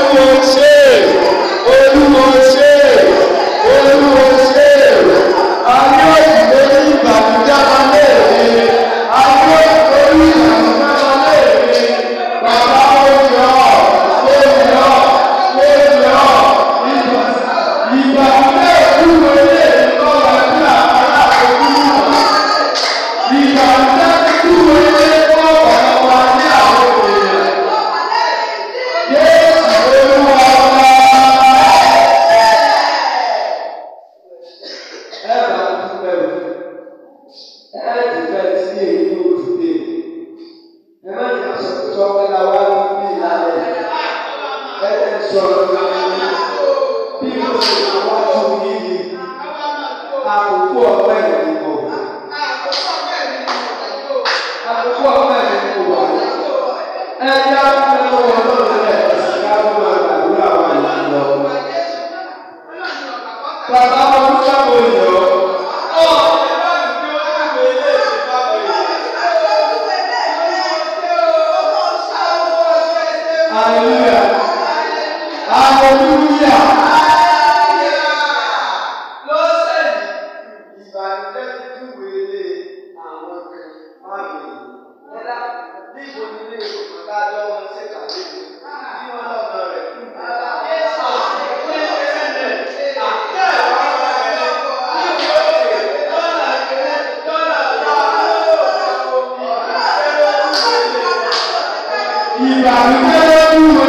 olúwo ṣe olúwo ṣe olúwo ṣe Hãy subscribe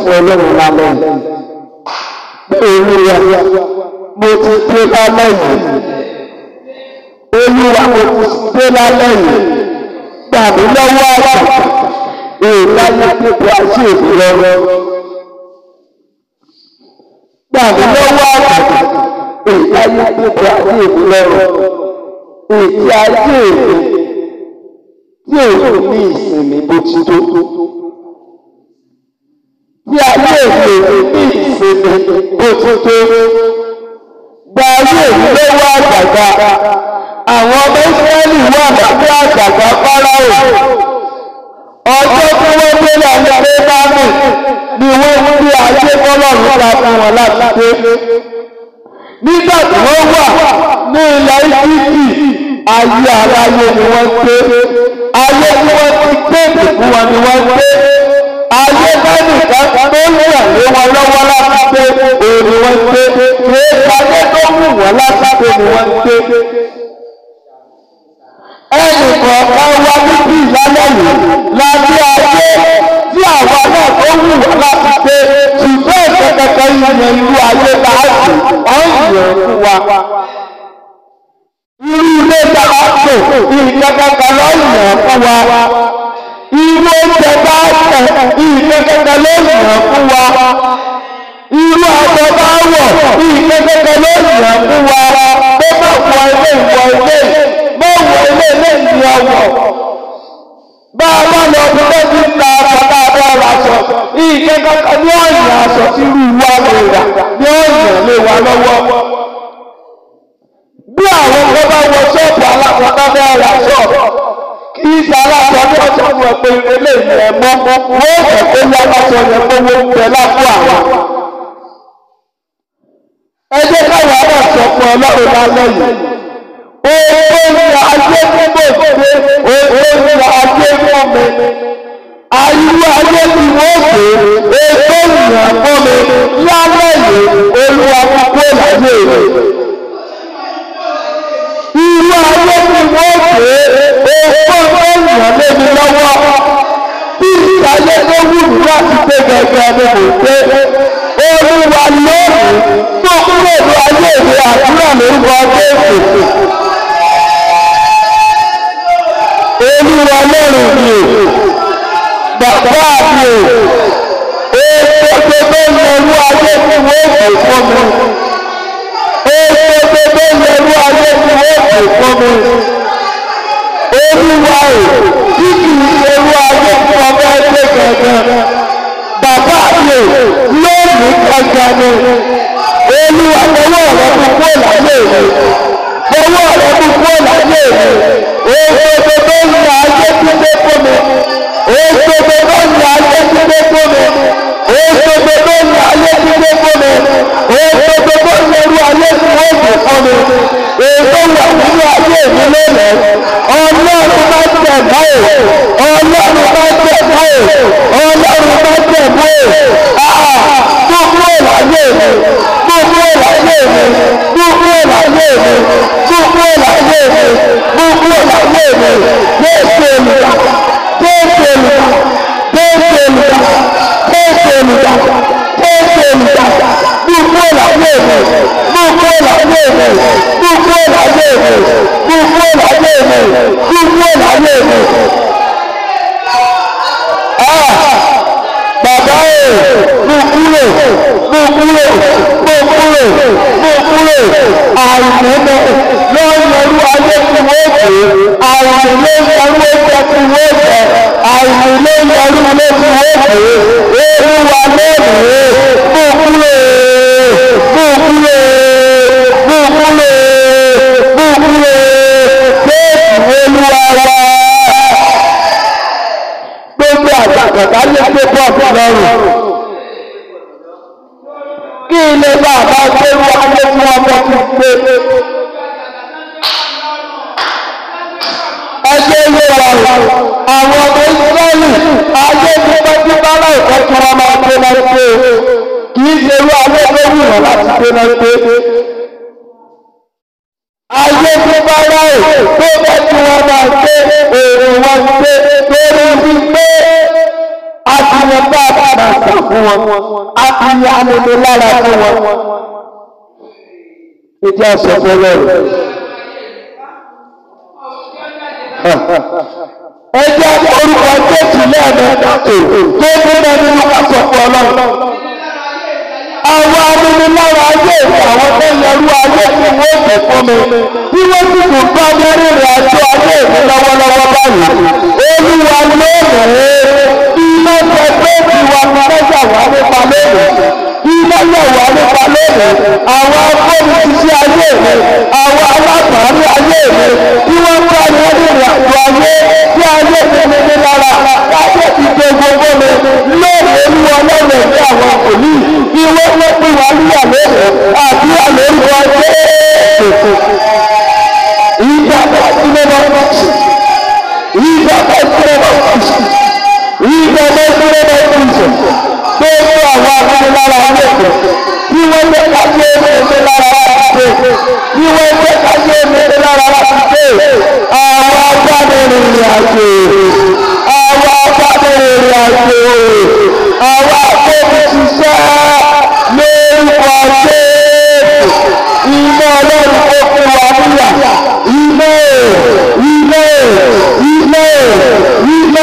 fún ọlọ́run lálẹ́ olúwa mo ti dé lálẹ́ yìí olúwa mo ti dé lálẹ́ yìí gbà lọ́wọ́ àgbà èèlà yàtọ̀ bí a ṣe ìrọ̀rọ̀ lọ́wọ́ àgbà èèlà yàtọ̀ bí a ṣe ìrọ̀rọ̀ èyí ayé èèyàn yóò ní ìsinmi bó ti tó kí ayé èdè ní ìsinmi òtútù gba ayé ìlú wà gbàgbà àwọn ọmọ ìsírẹ́lì wà lábẹ́ àgbàgbà fáráò ọjọ́ tí wọ́n gbé lọ́nà pé bámi ni wọ́n ń gbé ayé bọ́lọ́run ta fún wọn láti dé nígbà tí wọ́n wà ní ilẹ̀ Íjíbítì ayé aráyé ni wọ́n gbé ayé tí wọ́n ti gbé ìdìbò wọn ni wọ́n gbé ayé mẹ́nìkan tó wà lé wọn lọ́wọ́ lásìkò òní wọn ṣe ṣe é sáyé tó mú wọn lásìkò ni wọn ṣe. ẹnì kọ̀ọ̀kan wa níbi ìyálẹ̀ yìí láti ayé tí àwa náà tó wù wọn lásìkò ṣùgbọ́n ìṣẹ̀kẹ̀kẹ̀ ìyẹn ìlú ayé bá a sì ọ̀hún yẹn fún wa. irú ilé ìjọba tó ìjọba kan lọ́yìn ẹ̀ fún wa irú oúnjẹ bá tẹ̀ ìkẹ́kẹ́kẹ́ ló yàn fún wa irú aṣọ bá wọ̀ ìkẹ́kẹ́kẹ́ ló yàn fún wa pé má wọ ilé ìwọ ilé má wọ ilé ilé ìyẹn wọ̀ bá a bá lọ bí wọ́n ti ta aṣọ bá a aṣọ ìkẹ́kẹ́kẹ́ ni ó yàn aṣọ sí irú wa lè rà ni ó yàn lé wa lọ́wọ́ bí àwọn kan bá wọ ṣọ́ọ̀bù alákọ̀ọ́bá bá ra ṣọ́ọ̀bù ìgbà aláṣọ ní ọjọ́ ni ọ̀pẹ ilé ìrẹ̀ mọ́ wọ́n fẹ́ kó aláṣọ yẹn kó wọ́n tẹ̀ lápò àwọn. ẹ káwọn àwọn ìṣọ̀kan ọlọ́run lálẹ́ yìí. owó ní ajé gbogbo ìgbé owó ní ajé mọ́ mi. ajé ni wọ́n pè é ètò ìrìn àkọ́ lálẹ́ yìí olúwa kúkú láyé rẹ̀. wọ́n pé owó èèyàn lé mi lọ́wọ́ bí ìdáyé ló wù mí láti gbé gẹ́gẹ́ ni mò ń gbé olúwa lónìí tó kúrò ní ayé mi àdúrà lórúkọ jésù. olúwa lónìí mi bàbá mi o ètò tó ń lọ ní ayé tí wọ́n kò fún mi tó yẹrú ayé tí wọ́n kò fún mi. Olúwa ò tí kì í yẹrú ayé tí wọ́n fẹ́ gbé gangan. Bàbá mi lónìí gangan ni. Olúwa lọ́wọ́ rẹ̀ ti kú ìlànà èmi. Lọ́wọ́ rẹ̀ ti kú ìlànà èmi. Owó tó tó ayé tí wọ́n fún mi. Òṣogbo lónìí alẹ́ ti dé fún mi. Òṣogbo lónìí alẹ́ ti dé fún mi. Òṣogbo lónìí ẹrú alẹ́ ti wọ́n dùn fún mi. Èso wà nínú ayé mi lónìí. Ọlọ́run bá tẹ̀ báyìí. Ọlọ́run bá tẹ̀ báyìí. Ọlọ́run bá tẹ̀ báyìí. fún wọn títí àṣọ fọlọ́ rẹ̀. ẹ jẹ́ orúkọ jésù lẹ́ẹ̀mẹ́ta tó tó gbọ́dọ̀ nínú aṣọ fọlọ́. àwọn amúnilára ayé àwọn tó yẹrú ayé tí wọ́n kò fún mi bí wọ́n sì kò bá mi rìnrìn àjò ayé mi lọ́wọ́lọ́wọ́ báyìí. olúwa lónìí iná tẹgbẹ́ tiwa mọ́tẹ́jà wà nípa lónìí wà wà nípa lónìí àwọn afọ́nisíṣẹ́ ayé mi àwọn alábàárí ayé mi tí wọ́n bá ní ìrìn ayé tí ayé mi ní ní lára láti ti dé gbogbo mi lónìí olúwa lọ́nà ní àwọn òní bí wọ́n lọ́pẹ́ wà níyà lónìí àti àlè ń wọlé ètò. àjò àwa bàbá ìrìn àjò àwa tó ti ṣiṣẹ́ lórúkọ Jésù iná ọlọ́run tó fún wa níyà iná iná iná iná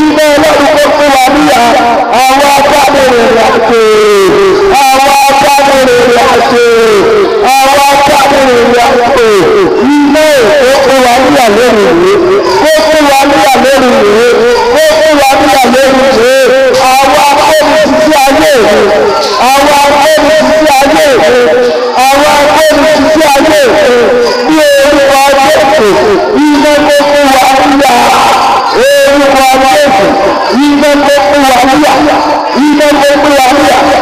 iná ọlọ́run tó fún wa níyà àwa bàbá ìrìn àjò àwa bàbá ìrìn àjò àwa bàbá ìrìn àjò iná tó fún wa níyà lónìí. àwọn agbóhùnsíṣẹ́ ayé òfin bí orúkọ jésù iná tó fún wa wíyà orúkọ jésù iná tó fún wa wíyà iná tó fún wa wíyà.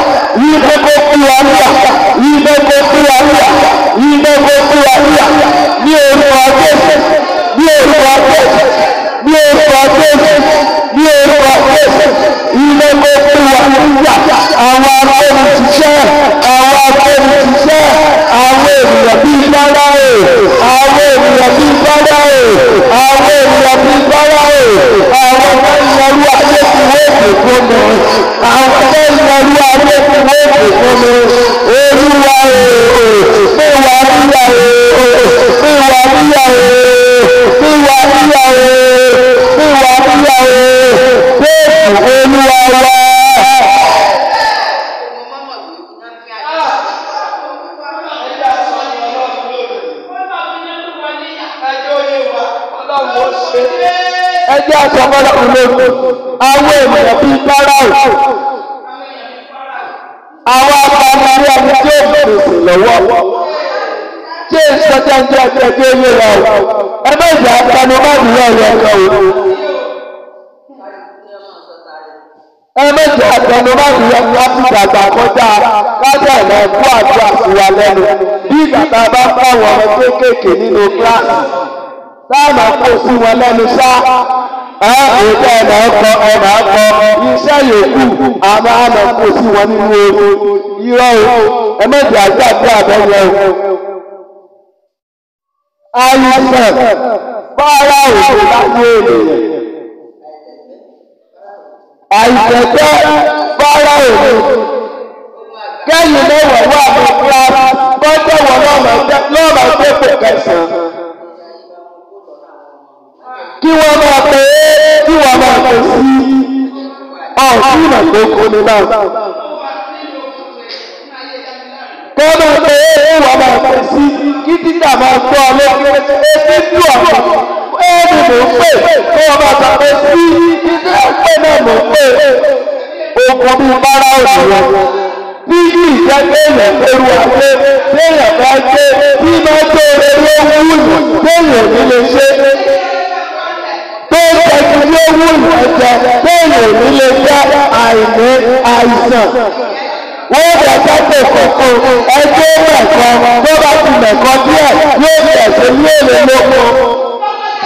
ní wa o ẹ bá ìjà panu má bù yá ìyá ẹ̀ka o. ẹ bá ìjà panu má bù yá ìyá ìdàgbà kọjá lájà ìlà ẹ̀kọ́ àti àfùwà lẹ́nu bí ìgbàgbà bá ń bá wọn kéékèèké nínú kíláàsì táàmù àpò sí wọn lẹ́nu sá ẹ òjò ẹ̀ máa kọ ẹ máa kọ iṣẹ́ yòókù àmọ́ àmọ́ kò sí wọn nínú ooru irọ́ o ẹ mẹ́jọ àti àti àbẹ̀yẹ o àìsàn fara òjò láti ènìyàn àìsàn jẹ́ fara òjò kẹ́yìn mẹ́wàá wà ní kíláàsì gbọ́dọ̀ wọ lọ́ọ̀mà dépò kẹsàn-án kí wọ́n máa pè é kí wọ́n máa pè sí ọ̀sùn ìmọ̀tókò ní náà kọ́ máa pè é wọ́n máa gidi ní àmà gbọ́ lórí etí tú ọ̀pọ̀ ẹni mò ń pè kí wọ́n bá ta pé sí ìdílé ọ̀pẹ náà mò ń pè ogun bíi bára òṣèlú bí yí ìjẹ́ kéèyàn pẹ̀lú àgbẹ̀ kéèyàn bá gbé bí máa tó eré owó wù kéèyàn ní lè ṣe tó ń owó wù ẹ̀jẹ̀ kéèyàn ní lè jẹ́ àìní àìsàn wọ́n bẹ̀ sọ́tò kòkó ẹjọ́ mẹ̀kọ́ tó bá ti mẹ̀kọ́ díẹ̀ yóò bẹ̀sẹ̀ ní èlé lóko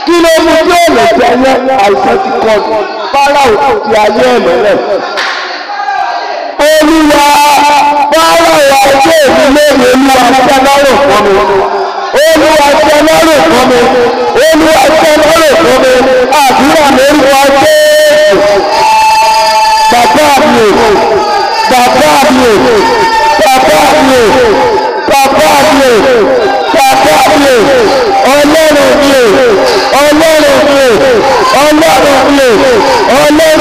kí ló mú tí ó lè jẹ yẹn àìsàn ti kọ fara òkùtì ayé ẹ̀mẹ́lẹ̀. olúwa fara ọjọ́ èmi lórí olúwa tẹ́ lọ́rùn fún mi olúwa tẹ́ lọ́rùn fún mi olúwa tẹ́ lọ́rùn fún mi àdúrà lórúkọ jésù bàbá mi ò. Papa Dieu, Papa Dieu, Papa Dieu, Papa Dieu, Ọlọ́run Dieu, Ọlọ́run Dieu, Ọlọ́run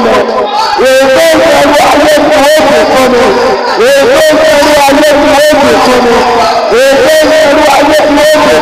mi èdè ìfẹ̀rù ayé kan ó bì fún mi èdè ìfẹ̀rù ayé kan ó bì fún mi èdè ìfẹ̀rù ayé kan ó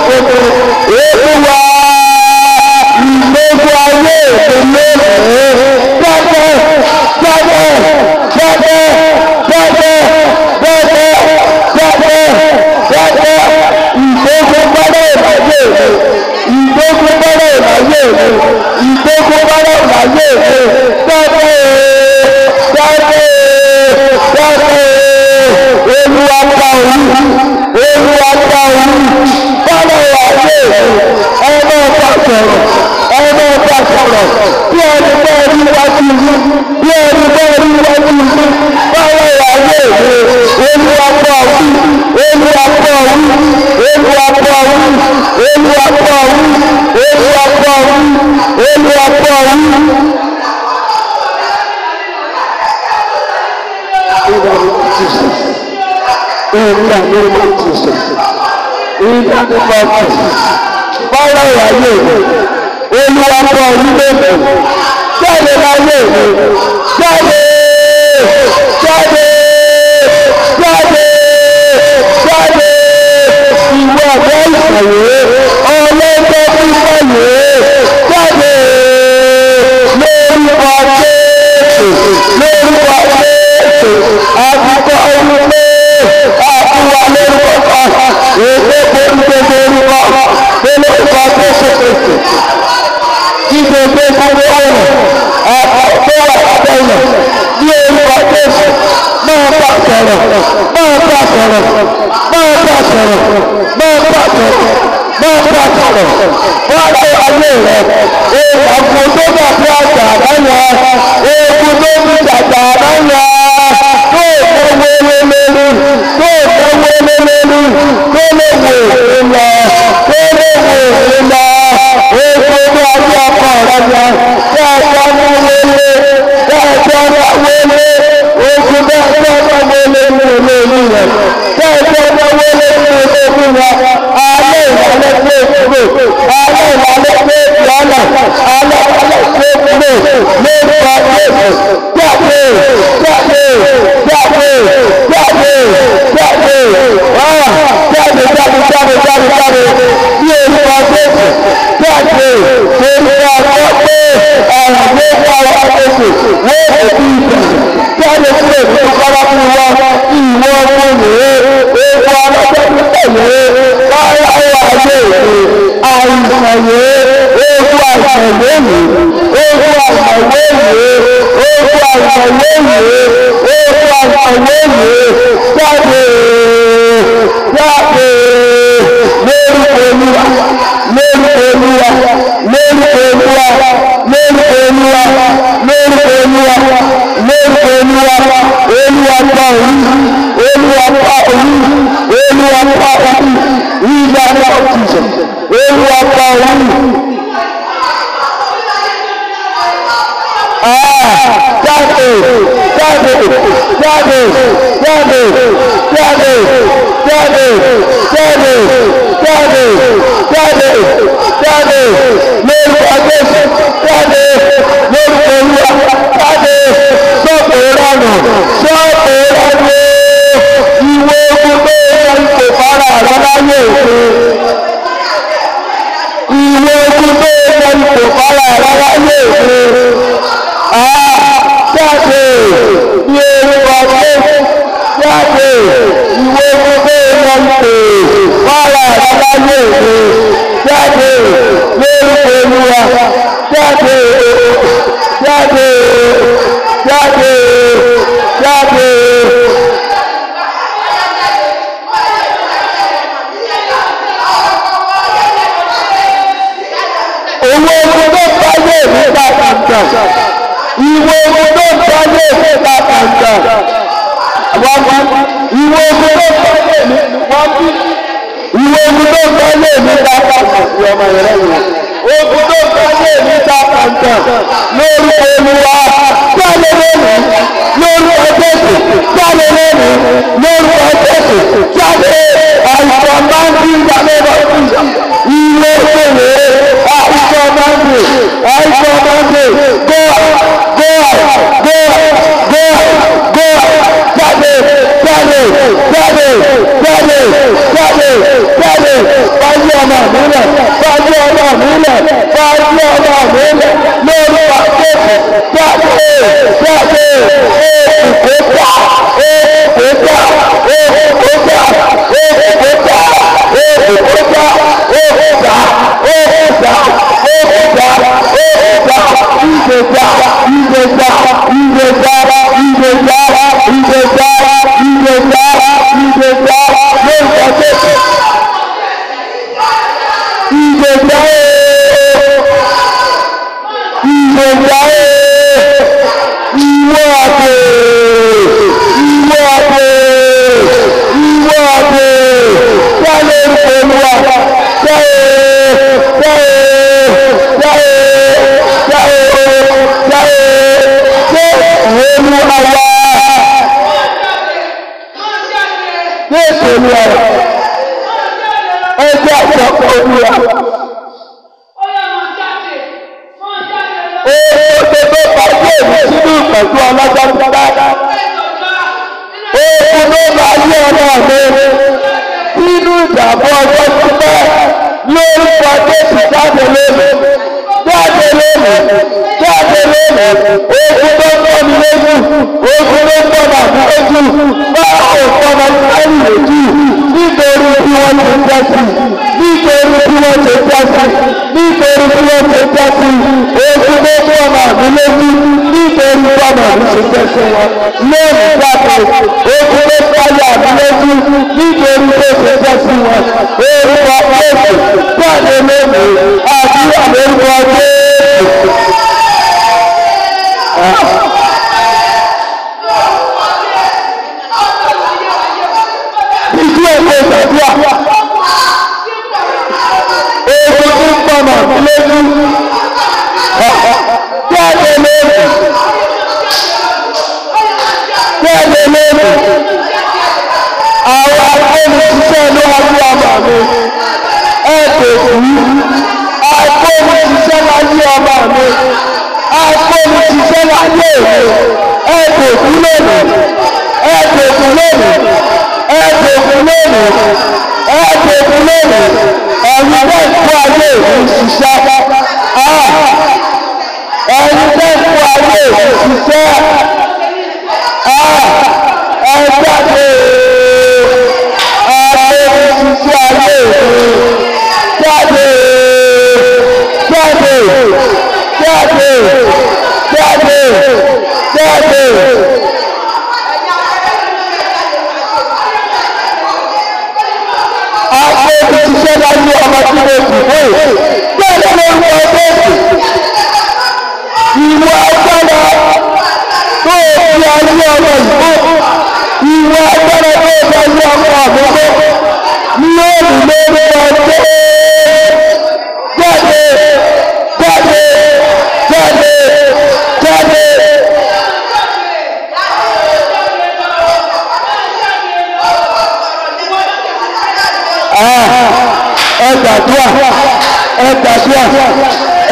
ọ̀sùn fọ́nrán ìwáyé mi olúwa nílé mi jáde láyé mi jáde jáde jáde jáde ìwé ọ̀dọ́ ìsàwé ọlọ́jọ́ pípẹ́ yìí jáde lórúkọ jésù lórúkọ jésù àbíkọ́. Motherfucker! Motherfucker! Motherfucker! Motherfucker!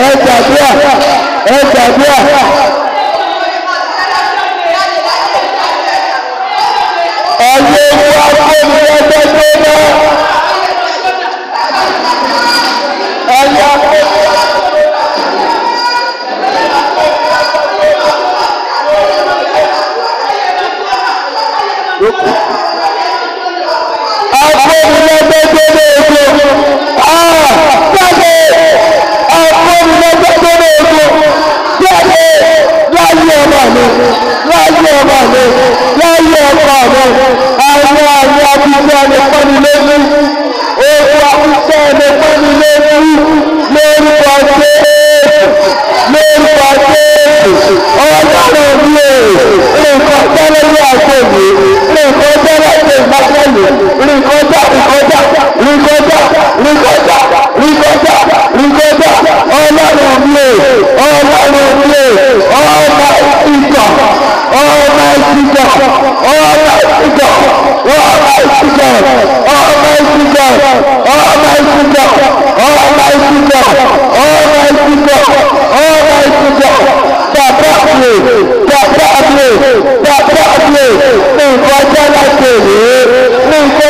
ẹ gbàdúrà ẹ gbàdúrà. ẹ̀yin wá fún mi ẹgbẹ́ gbóná. ẹ̀yin wá fún mi. Agbóhùn lẹ́gbẹ̀ẹ́. ni pọ́nilẹ́rú olúwa iṣẹ́ ni pọ́nilẹ́rú lórúkọ jésù lórúkọ jésù ọlọ́run mi ò nǹkan tẹ́lẹ̀ ní àgbègbè nǹkan tẹ́lẹ̀ ní ìgbàgbọ́lẹ̀ nǹkan dá nǹkan dá nǹkan dá nǹkan dá nǹkan dá ọlọ́run mi ò ọlọ́run mi ò ọmọ ìtàn ọmọ ìtàn. God, Almighty God, Almighty God, Almighty God, Almighty God, Almighty God,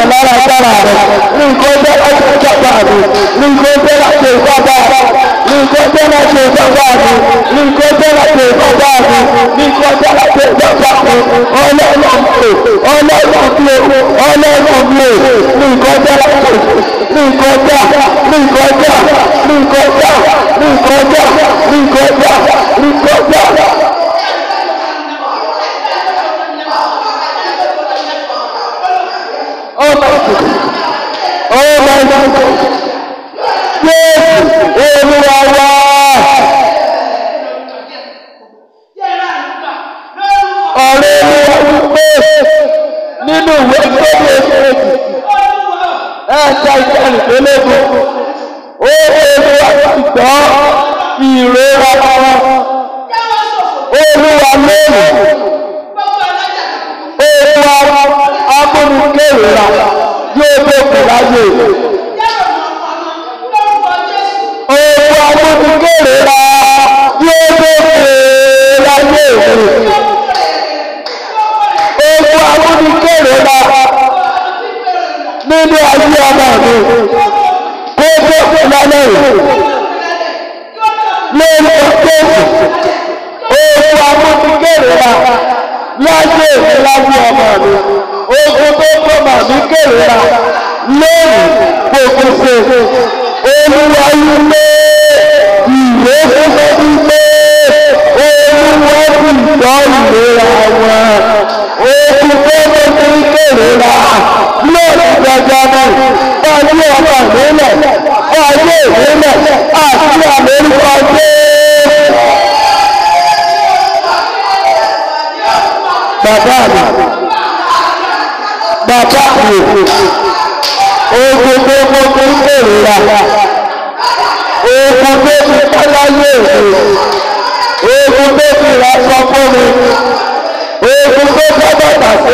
Bàbá babu min ko tana tofa on min ko tana on babu la on title elégo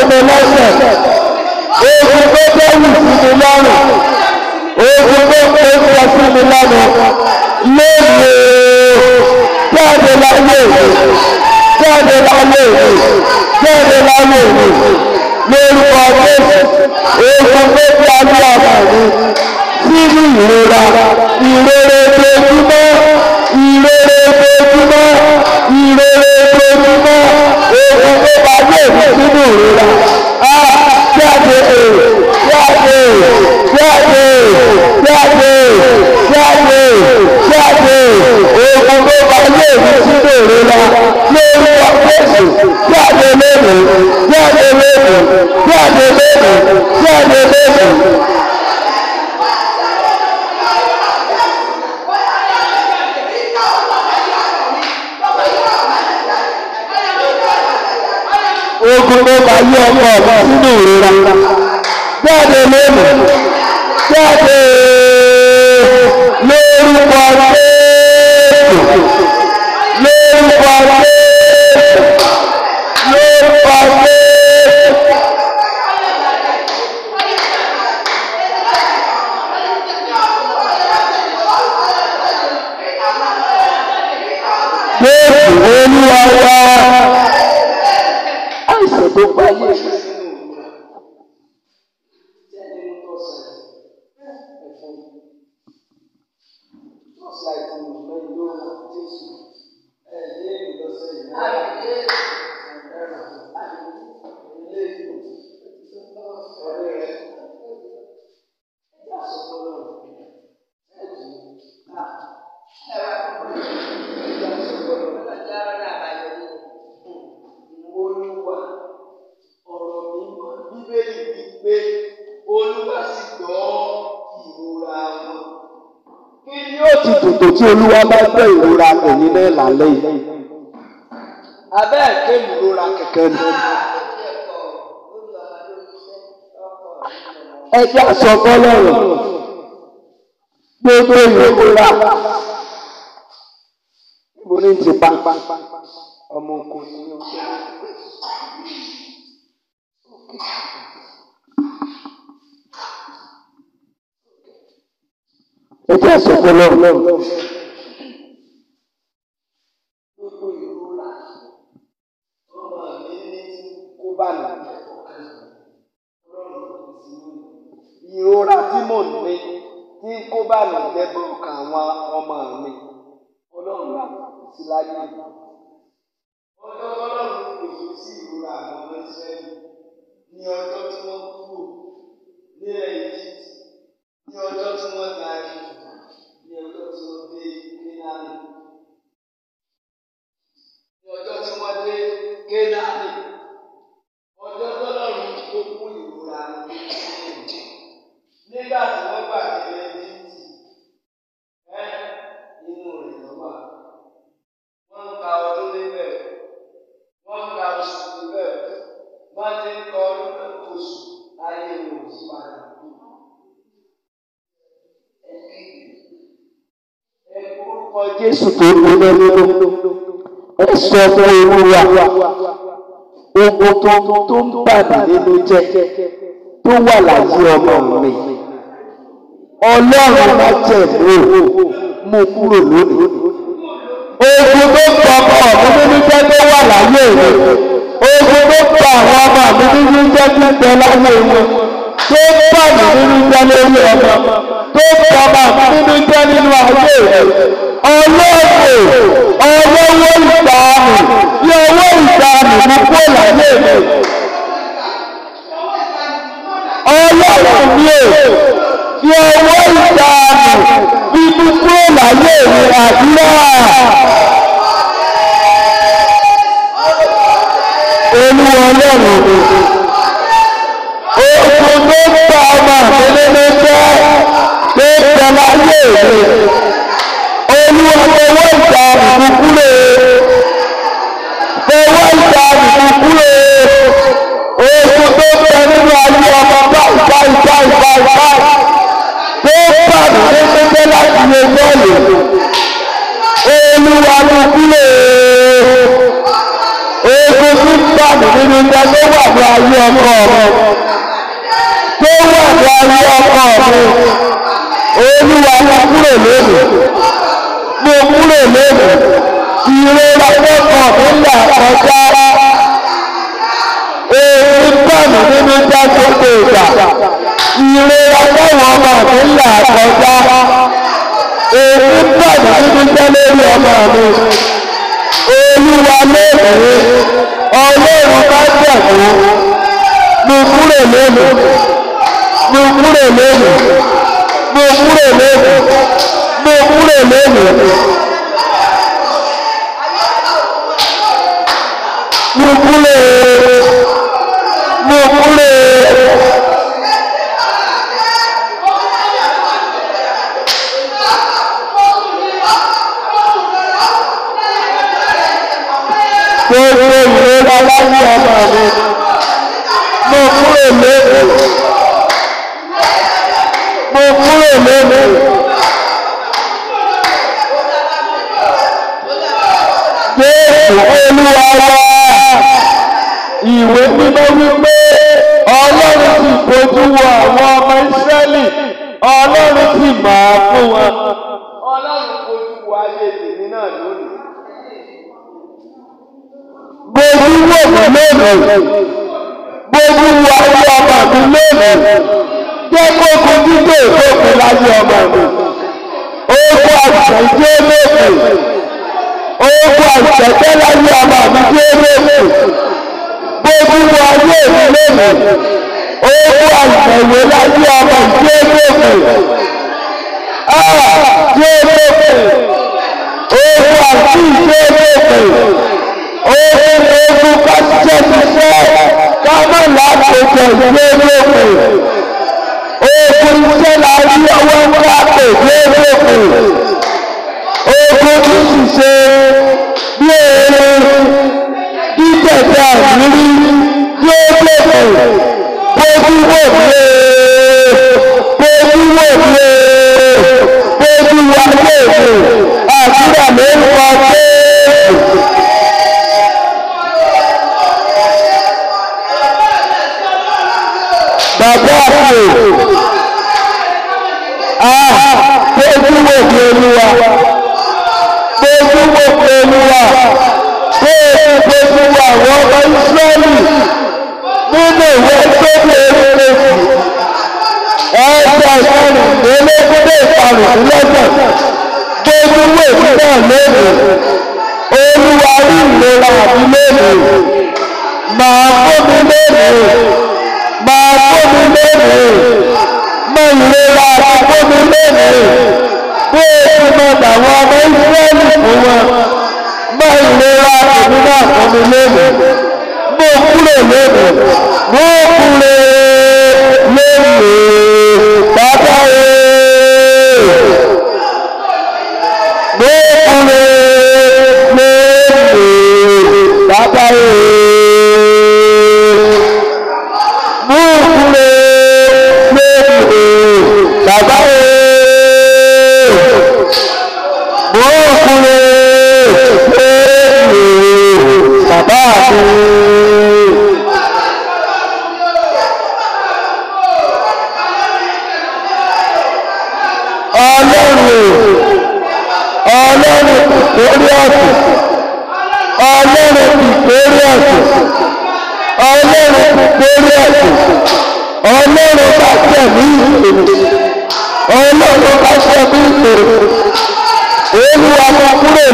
mi lọ́sẹ̀ ogun tó bẹ́rù sí mi lọ́rùn ogun tó bẹ́rù sí mi lọ́rùn lóye jáde láyé jáde láyé jáde láyé lórúkọ jésù ogun tó bí agbára mi sínú ìrora ìrere dojúmọ́ ìrere dojúmọ́ ìrere dojúmọ́ èmi sínú ìrora á jáde jáde jáde jáde jáde jáde ogun tó bá yé èmi sínú ìrora lórí ọ̀pẹ̀sì jáde lónìí jáde lónìí jáde lónìí jáde lónìí. ogun ló bá yí ọkọ mi sínú ìrora jáde lónìí jáde lórúkọ Jésù lórúkọ Jésù lórúkọ Jésù. Jésù olúwa wá. do aí. tí olúwa bá gbẹ́ ìrora òní náà lálẹ́ yìí. abẹ́ ẹ̀kẹ́ ìrora kẹ̀kẹ́ ni. ẹ jẹ́ aṣọ fọlọ́rọ̀ gbogbo ìrora mo ti pa ọmọ oko ni ó ń sọ. no, no. Jésù tó ń lọ lọ́wọ́ ẹ sọ fún olúwa ogun tó tó ń bàbí nínú jẹ tó wà láyé ọmọ mi ọlọ́run má tẹ̀lé mú kúrò lónìí ogun tó ń bọ̀ ọmọ mi nínú jẹ tó wà láyé rẹ ogun tó pa àwọn ọmọ mi nínú jẹ́ gbígbẹ láyé wọn tó pa mi nínú jẹ́ lórí ọmọ tó pa ọmọ mi nínú jẹ́ nínú ayé rẹ̀ ọlọ́ọ̀dẹ ọlọ́wọ́ ìdáàmì bí ọwọ́ ìdáàmì ní kó láyé rẹ̀ ọlọ́wọ́ mi ò bí ọwọ́ ìdáàmì bí kó láyé rẹ̀ àdúrà. olúwa ọlọ́run ogun ló ń gba ọmọ àtẹlẹ́ ló jẹ́ ló ń jẹ láyé mi olúwa fọwọ́ ìjà ìkúkúrò fọwọ́ ìjà ìkúkúrò ogun tó ń bẹ nínú ayé ọmọ báyìí báyìí báyìí báyìí báyìí tó ń bà mí ló ń gbé láti lè bọ́ọ̀lù olúwa kúkúrò dànù nínú iná tó wà ní ayé ọkọ mi tó wà ní ayé ọkọ mi olúwa mo kúrò lónìí mo kúrò lónìí ìrora lọ́kàn mi là kọjá èmi dànù nínú iná gbogbo ìgbà ìrora lọ́wọ́ ọmọ mi là kọjá èmi dànù nínú iná lórí ọmọ mi olúwa lónìí mú mú kúrò lónìí mú kúrò lónìí mú kúrò lónìí mú kúrò lónìí. Mukule, mukule. olúwa ìwé mímọ́ wípé ọlọ́run ti fojú wo àwọn ọmọ ìsírẹ́lì ọlọ́run ti mọ̀ á fún wọn. ọlọ́run fojú wo ayé tèmi náà lónìí. gbogbo wo mi lónìí gbogbo wo ayé ọmọ mi lónìí jẹ́ kó kojú dé ìfowópamọ́ ayé ọmọ mi. ó kó àṣà ìjẹ́ lónìí ogun àjẹ̀tẹ́ láyé ọmọ mi tí ó lóògùn gbogbo ayé mi lónìí ogun àjẹ̀wé láyé ọmọ mi tí ó lóògùn á ah, tí ó lóògùn ogun àti ìṣe lóògùn ogun ogun kájíjẹ́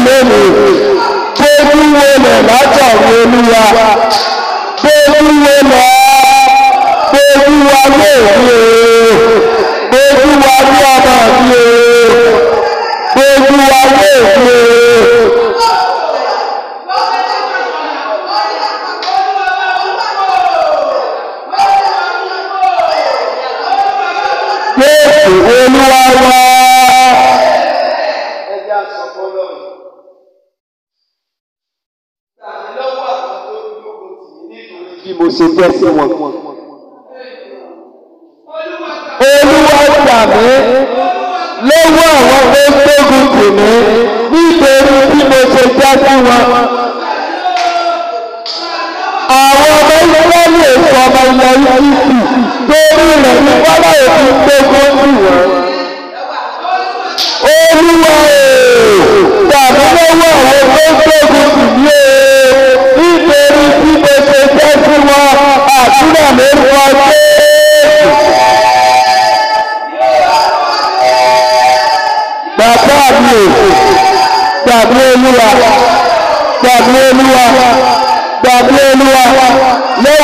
lónìí tó wúwo lẹ̀ látọ̀ ní olúwa. person will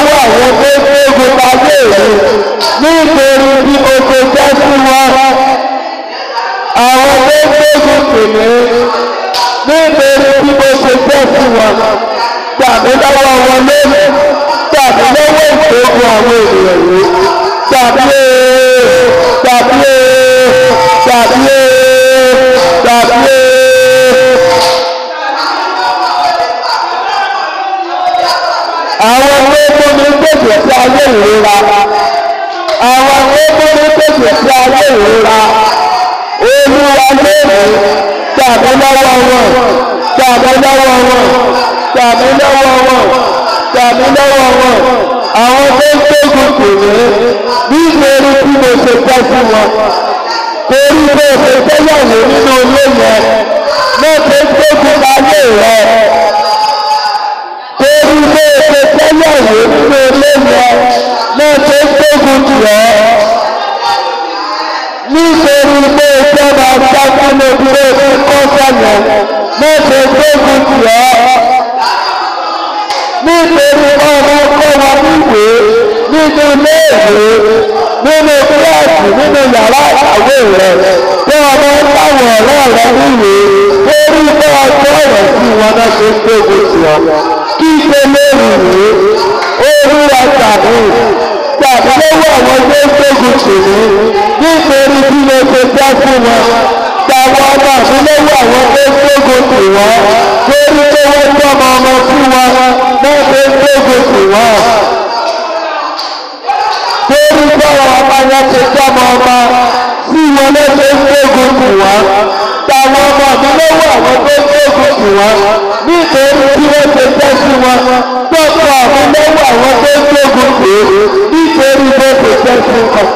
lọ́wọ́ àwọn tó gbógun tagé èyí nítorí bí o ṣe jẹ́ sí wọn. Àwọn tó gbógun tèmi nítorí bí o ṣe jẹ́ sí wọn. Tàbí lọ́wọ́ wọn lónìí, tàbí lọ́wọ́ ìgbógun àwọn ènìyàn yìí, tàbí ayé ìrora àwọn àwọn ọmọdé pèsè sí ayé ìrora olúwa lónìí tàbí lọ́wọ́ wọn tàbí lọ́wọ́ wọn tàbí lọ́wọ́ wọn tàbí lọ́wọ́ wọn àwọn tó ń gbógun kò ní bí ìlérí tí mo ṣe pẹ́ sí wọn torí bó ṣe fẹ́yàwó nínú ilé náà tó ń gbógun ayé rẹ ọlọ́run pé lẹ́yìn náà tó gbógun jù ọ́ nítorí pé ẹgbẹ́ máa sáfù lóbìrẹ́ fún kọ́sánà náà tó gbógun jù ọ́ nítorí ọmọ kọ́mọ níwèé nínú léèrè nínú kíláàsì nínú yàrá ìkàwé rẹ bí ọmọ táwọn ọ̀rẹ́ rẹ níwèé lórí bá ọjọ́ ọ̀rọ̀ sí wọn náà tó gbógun jù ọ́ kígbe lónìí olúwa tàbí tàbí lọ́wọ́ àwọn tó ń gbógun nítorí bí mo ṣe tọ́ fún wọn tàwọn ọmọ lọ́wọ́ àwọn tó ń gbógun lórí tó wọ́n tọ́mọ ọmọ fún wọn wọ́n tó ń gbógun tì wọ́n lórí báwọn ọmọ wọn ṣe tọ́mọ ọmọ sí wọn lọ́jọ́ ń gbógun tì àwọn ọmọ mi lọ́wọ́ àwọn tó ń gbógun tì wọ́n nítorí tí wọ́n ṣe jẹ́ sí wọn tọ́kọ mi lọ́wọ́ àwọn tó ń gbógun tì í nítorí bó ṣe jẹ́ sí wọn.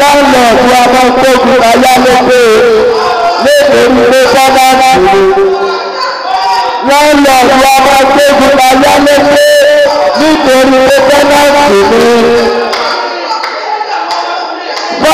lọ́nà tí a máa ń gbógun ayálégbé nítorí pé bọ́lá ti ní. lọ́nà tí a máa ń gbógun ayálégbé nítorí pé bọ́lá ti ní.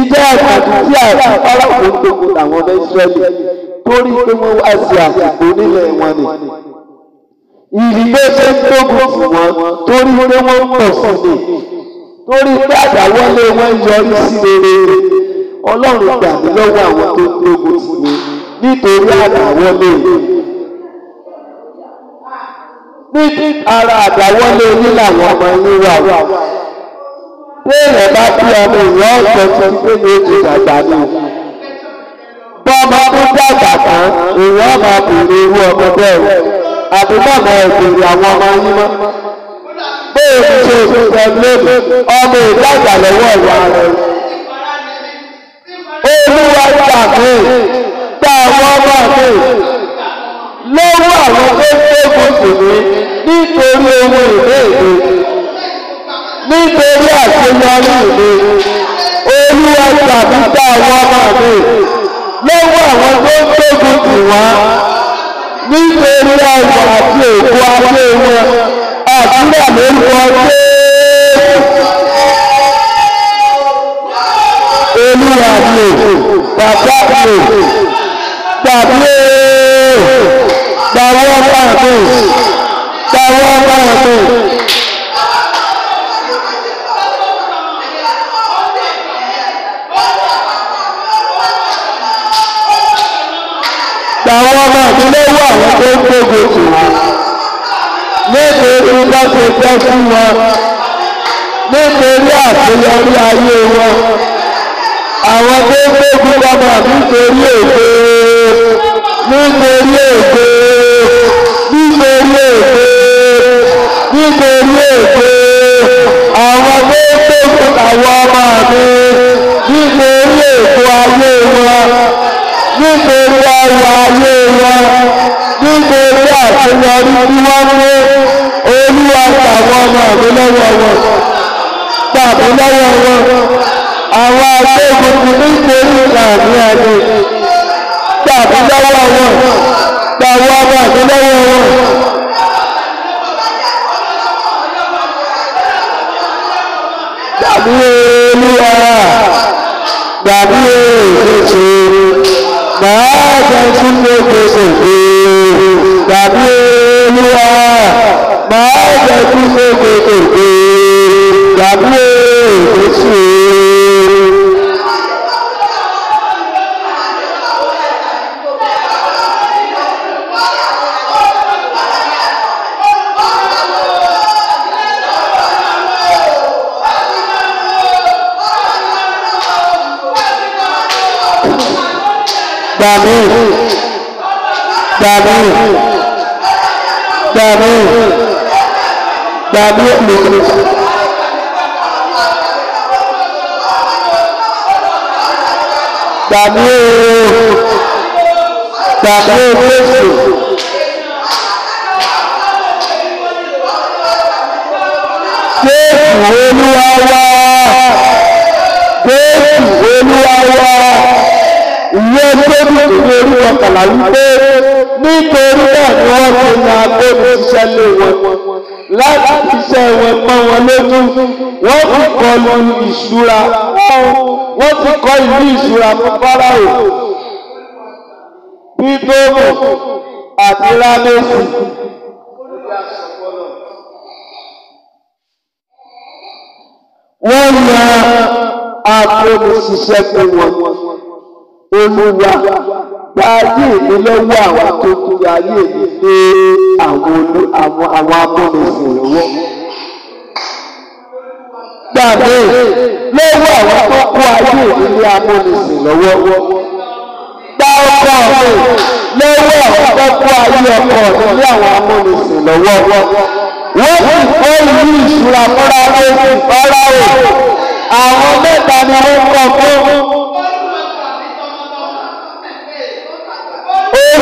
ìdá àti a fáráwò ń dòkò àwọn ọmọ ìsírẹ́lì torí pé wọ́n wá sí àsìkò nílẹ̀ wọn ni. ìdílé ṣe ń dógùn sí wọn torí pé wọ́n pọ̀ sí ni torí pé àdáwọ́lé wọn yọrí sí rere ọlọ́run gbà mí lọ́wọ́ àwọn tó ń dógùn sí mi nítorí àdáwọ́lé ní ara àdáwọ́lé yín làwọn ọmọ yín wà wà téèyàn bá bí ọmọ èèyàn ọ̀sẹ̀ tí pé ní oṣù dàgbà ni. bọ́ọ̀mọ tó dàgbà tán èèyàn máa bèrè irú ọmọ bẹ́ẹ̀ àbí bọ́ọ̀mọ ìbèrè àwọn ọmọ yín mọ́. bóyá ṣe òṣìṣẹ́ lónìí ọmọ ìdàgbà lọ́wọ́ ìwà rẹ̀. olúwa gbà mí gbà wọ́n gbà mí lọ́wọ́ àwọn tó ń gbé gbòsì mi nítorí owó ìbéèrè nítorí àṣeyọrí mi olúwa tàbí bá àwọn ọmọ mi lọ́wọ́ àwọn tó ń tóbi jù wá nítorí ayọ̀ àti òkú ayé wọn àdúrà ló ń wọ dé. olúwa mi bàbá mi tàbí tàwọn ọmọ mi tàwọn ọmọ mi. àtàwọn ọmọ mi lọ́wọ́ tó ń gbogbo tì nítorí bá ṣe fẹ́ fún wọn nítorí àṣeyọrí ayé wọn àwọn tó ń gbogbo ọmọ mi èdè nítorí èdè nítorí èdè nítorí èdè àwọn tó ń gbogbo àwọn ọmọ mi nítorí èdè ayé wọn ní gbogbo ayé wọn ní àṣeyọrí tí wọ́n mú olúwa tàwọn ọmọ mi lọ́wọ́ wọn tàbí lọ́wọ́ wọn àwọn agbóhùn ti nítorí ìlànà àdé tàbí lọ́wọ́ wọn tàwọn ọmọ mi lọ́wọ́ wọn. Gbàgbé olúwa gbàgbé òṣèṣe. Bàbá tún lè pèsè pé tàbí olúwa. Bàbá tún lè pèsè pé tàbí olúwa. dari dari dari dari dari dari dari dari dari ìyẹn tó ní orí ọkàlà wípé nítorí náà ni wọ́n ti na agbóhùn ṣiṣẹ́ lé wọn láti ṣiṣẹ́ wọn pọ́n wọn lójú wọ́n ti kọlu ìṣúra wọ́n ti kọ́ ìlú ìṣúra fún fáráò bídóòmù àti rámẹ́sì. wọ́n yan agbóhùn ṣiṣẹ́ fún wọn olúwa gba ayé mi lọ́wọ́ àwọn tó kú ayé mi lé àwọn àwọn àwọn abọ́nisìn lọ́wọ́. Gbà mí lọ́wọ́ àwọn tó kú ayé mi lé abọ́nisìn lọ́wọ́. Gba ọkọ mi lọ́wọ́ àwọn tó kú ayé ọkọ mi lé àwọn abọ́nisìn lọ́wọ́. Wọ́n sì kọ́ ìlú ìṣúra fúnra lórí ìfọ́lá o. Àwọn mẹ́ta ni wọ́n kọ́ fún.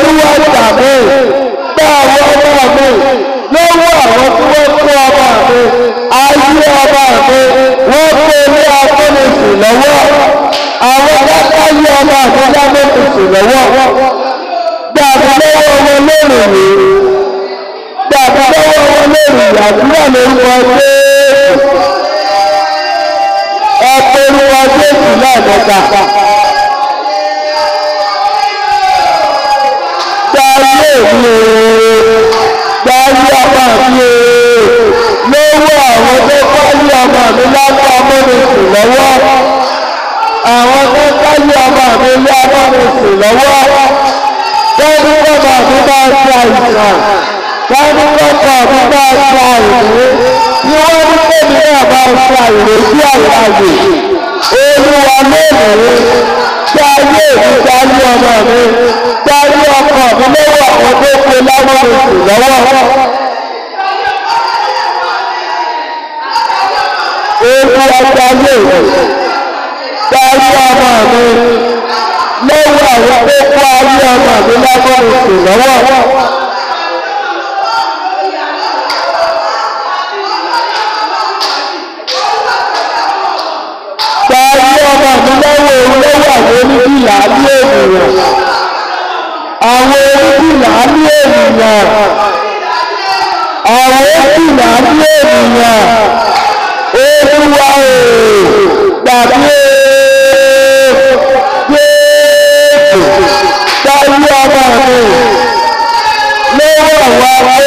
olúwa gbà mí gbà àwọn ọmọ mi lọ́wọ́ àwọn tí wọ́n kó ọmọ mi ayé ọmọ mi wọ́n kó ilé afẹ́nifì lọ́wọ́ àwọn dáká yí ọmọ mi lámẹ́fìsì lọ́wọ́ gbà mí lọ́wọ́ ọmọ lónìí mi gbà mí lọ́wọ́ ọmọ lónìí àdúrà lórúkọ Jésù ẹ̀pẹ̀rù ọjọ́ ìsìlẹ̀ ẹ̀dọ́ta. mi gbáyé ọmọ mi ooo lówó àwọn tó gbáyé ọmọ mi lábẹ́ amúnisìn lọ́wọ́ àwọn tó gbáyé ọmọ mi lábẹ́ amúnisìn lọ́wọ́ lẹ́nu kọ́kọ́ mi bá ṣe àìsàn lẹ́nu kọ́kọ́ mi bá ṣe àìsàn ni wọ́n ní kébì náà ṣe àìsàn sí àìsàn olúwa táyé mi ọmọ mi táyé ọkọ mi lọ́wọ́ àwọn tó pe láwọn oṣù lọ́wọ́. Ewu àtàyè mi ọmọ mi lọ́wọ́ àwọn tó pe láwọn oṣù lọ́wọ́. àwọn oníbìlà ní ènìyàn àwọn oníbìlà ní ènìyàn àwọn oníbìlà ní ènìyàn olúwa o gbàgbé gbèsè táyé ọmọ mi lọ́wọ́ àwọn ará.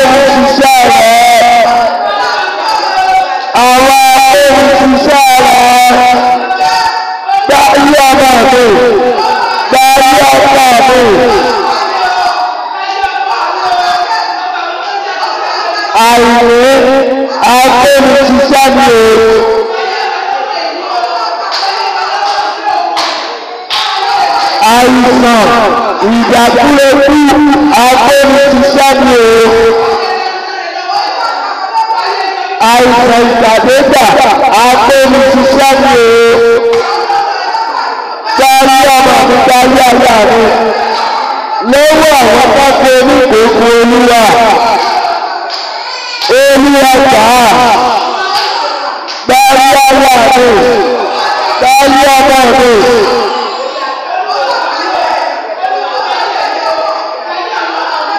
agbẹ́ni ṣiṣẹ́ ni o. àìsàn ìdàkúrekú agbẹ́ni ṣiṣẹ́ ni o. àìsàn ìgbàdégbà agbẹ́ni ṣiṣẹ́ ni o. kárí ọmọ mi kárí àyà mi lọ́wọ́ àwọn pápá onígbòkun olúwa olùwàjà gbàrí ọwọ́ àdó gbàrí ọwọ́ àdó.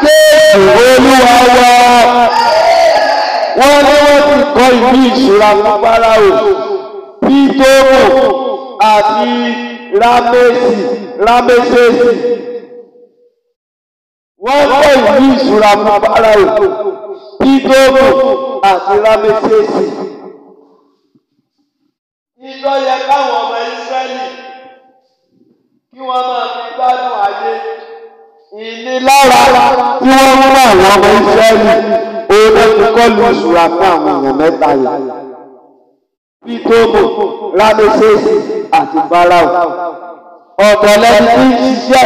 Jésù olúwa wá wọ́n ní wọ́n ti kọ́ ìlú ìṣúra fún Fáráò Pítọ́mù àti Rámẹ́sì Rámẹ́sẹ̀sì ìdòwò àti rámẹ́sẹ̀sì. ìjọ yẹ káwọn ọmọ ìsírẹ́lì kí wọ́n máa fi gbádùn ayé ìnilára tí wọ́n mú àwọn ọmọ ìsírẹ́lì òun ti kọlu ìṣúra fún àwọn èèyàn mẹ́ta yìí. Bítóbò, Rámẹ́sẹ̀sì àti Báráò. Ọ̀tọ̀ lẹni tí ń ṣiṣẹ́,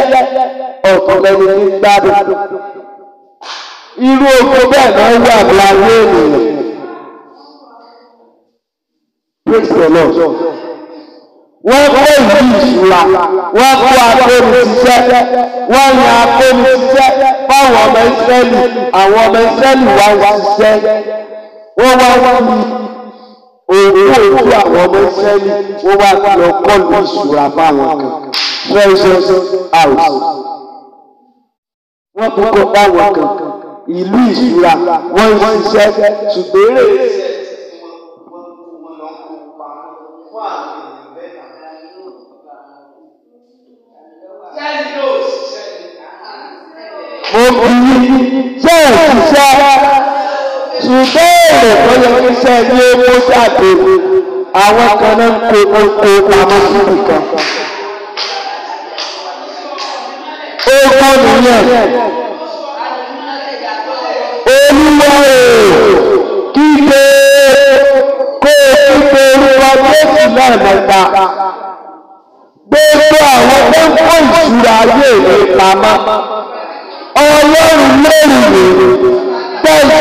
ọ̀tọ̀ lẹni tí ń gbádùn irú oko bẹ́ẹ̀ máa ń wà láàrin ènìyàn. Praise the Lord. Wọ́n kó ìlú ìṣúra, wọ́n kó akóniṣẹ́, wọ́n yan akóniṣẹ́ fáwọn ọmọ Ísírẹ́lì, àwọn ọmọ Ísírẹ́lì wá wá ṣiṣẹ́. Wọ́n wá wá ní òkú òkú àwọn ọmọ Ísírẹ́lì, wọ́n wá lọ kọ́lù ìṣúra fáwọn kan. Treasure house. Wọ́n kúkọ̀ fáwọn kan ìlú ìṣúra wọ́n ń ṣiṣẹ́ ṣùgbọ́n èrè. mo bí ṣe ìṣiṣẹ́ ṣùgbọ́n èrè tó yẹ kí iṣẹ́ ní owó jáde àwọn kan náà ń kó oko pamọ́ síbi kan. ó kọ́ nìyẹn yọ o kígbe kó o kígbe orúkọ Jésù náà mẹ́ta gbogbo àwọn tó ń kó ìṣúra ayé mi pamọ́ Ọlọ́run lórí mi tẹ́ ìṣúra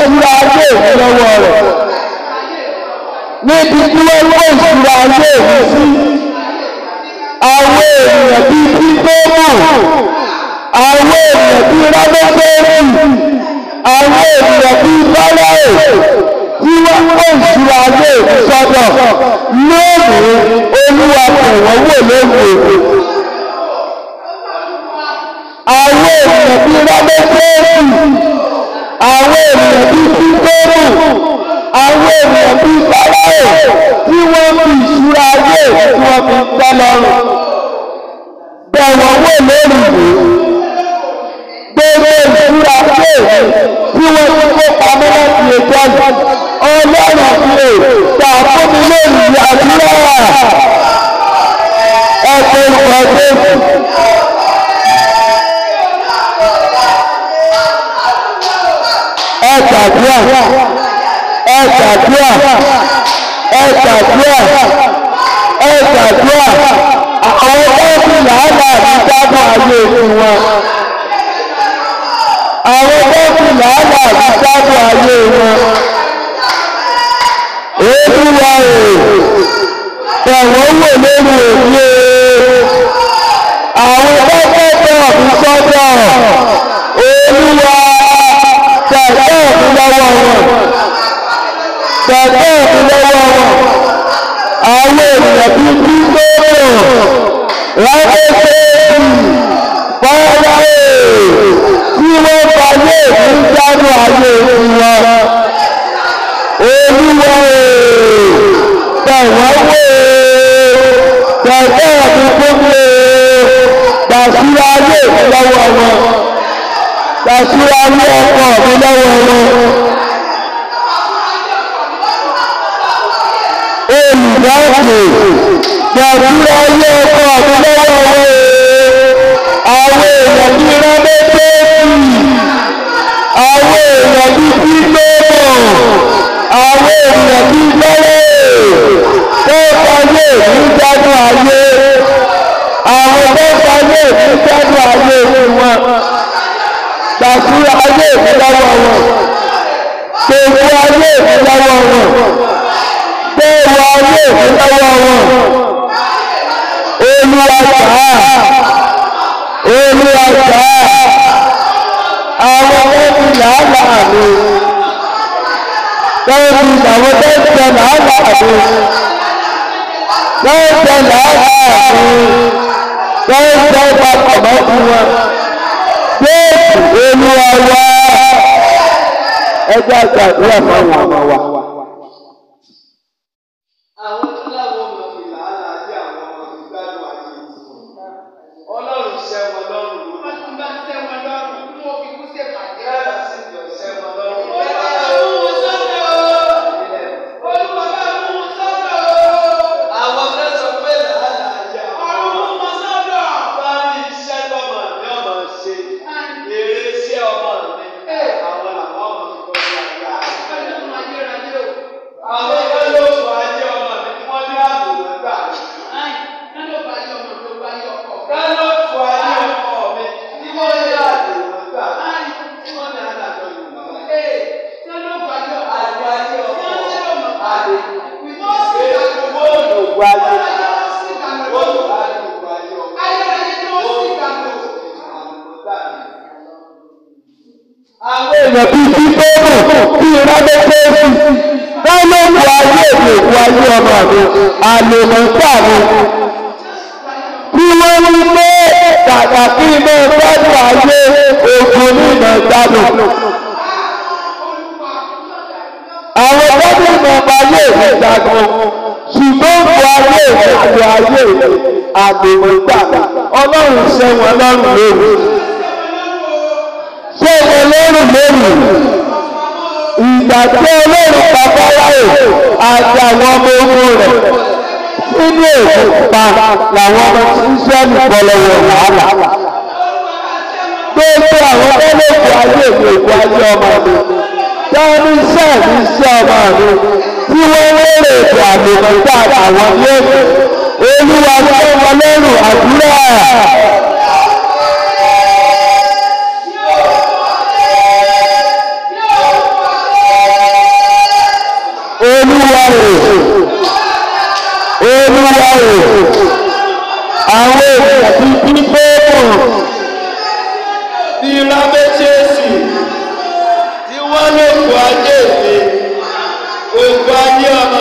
ayé mi lọ́wọ́ rẹ̀ níbi tí wọ́n kó ìṣúra ayé kó ìṣúra ayé ìsọdọ̀ lónìí olúwa kẹwọ́n wò lónìí àwọn èèyàn bíi rámẹ́sẹ́ẹ̀sì àwọn èèyàn bíi sísẹ́rù àwọn èèyàn bíi fáráò tí wọ́n fi ìṣúra ayé tí wọ́n fi ń tẹ́ lọ́rùn bẹ̀wọ̀n wò lónìí gbogbo ìṣúra ṣe tí wọ́n ti kó pamọ́ láti ètò ọjọ́ ọlọ́run àfihàn tà fún àdúrà ẹ̀kọ́ ìpàdé. ẹ̀tàdúrà ẹ̀tàdúrà ẹ̀tàdúrà ẹ̀tàdúrà àwọn ọ̀gbìn làálàá àti sábà ayé òkú wọn àwọn bọ́ọ̀kì làálà ìṣáájú ayé wọn. Olúwa o, tẹ̀wọ́n wò lórí òye. Àwọn bọ́ọ̀kì náà ń sọ́dọ̀. Olúwa tẹ̀tọ́ mi lọ́wọ́ wọn. Tẹ̀tọ́ mi lọ́wọ́ wọn. Àwọn ènìyàn ti kú tó rọ̀. Lábẹ́ sẹ́yìn, fọ́nrán èè, tí wọ́n èmi dánú ayé wọn olúwa tẹ̀wọ́n wò tẹ̀wọ́n mi gbogbo gbàsúra ayé mi lọ́wọ́ wọn gbàsúra ayé ọkọ mi lọ́wọ́ wọn. olùdáàbò gbàsúra ayé ọkọ. ènìyàn kí n lọ́rẹ́ tó sáyé ní gbádùn ayé àwọn tó sáyé ní gbádùn ayé ní wọn tàbí ayé mi lọ́wọ́ wọn tèmi ayé mi lọ́wọ́ wọn tèmi ayé mi lọ́wọ́ wọn olúwa gbà á olúwa gbà á àwọn tó ti làálàá mi lọ́wọ́ àwọn tó ń tẹ làálà àti lọ́wọ́ tẹ làálà àti lọ́wọ́ tẹ Olúwa wá ẹgbẹ́ àgbàdo àmọ́ àwọn ọmọ wa. àlòmọ́pà ni. Bí wọ́n wí pé dàgbà kí iná gbádùn ayé ogun nínà dànù. Àwọn gbádùn ìmọ̀pá ayé rẹ̀ dànù. Ṣùgbọ́n bu ayé rẹ̀ àti ayé rẹ̀ àgbèmọ̀gbà. Ọlọ́run ṣẹ́wọ̀n lọ́rùn lóru. Ṣẹ́wọ̀n lọ́rùn lóru ìgbà tí ọlọ́run bàbá wáyé àti àwọn ọmọ ogun rẹ̀ nínú èdè pupa làwọn ọmọ Ísírẹ́lì bọ́lọ́wọ́ wàhálà. Gbogbo àwọn ọlọ́ọ̀kọ̀ ayé mi òkú ayé ọmọ mi. Dání iṣẹ́ mi iṣẹ́ ọmọ mi. Tí wọ́n wéré ètò àmì nígbà àwọn yéèmí. Olúwa ni ọmọ lẹ́rù àdúrà. Olúwa rè é wa o àwọn èèyàn ti bí bóòmù ti rábẹ́tẹ́sì tí wọ́n lè kó ajé mi gbogbo ayé ọmọ.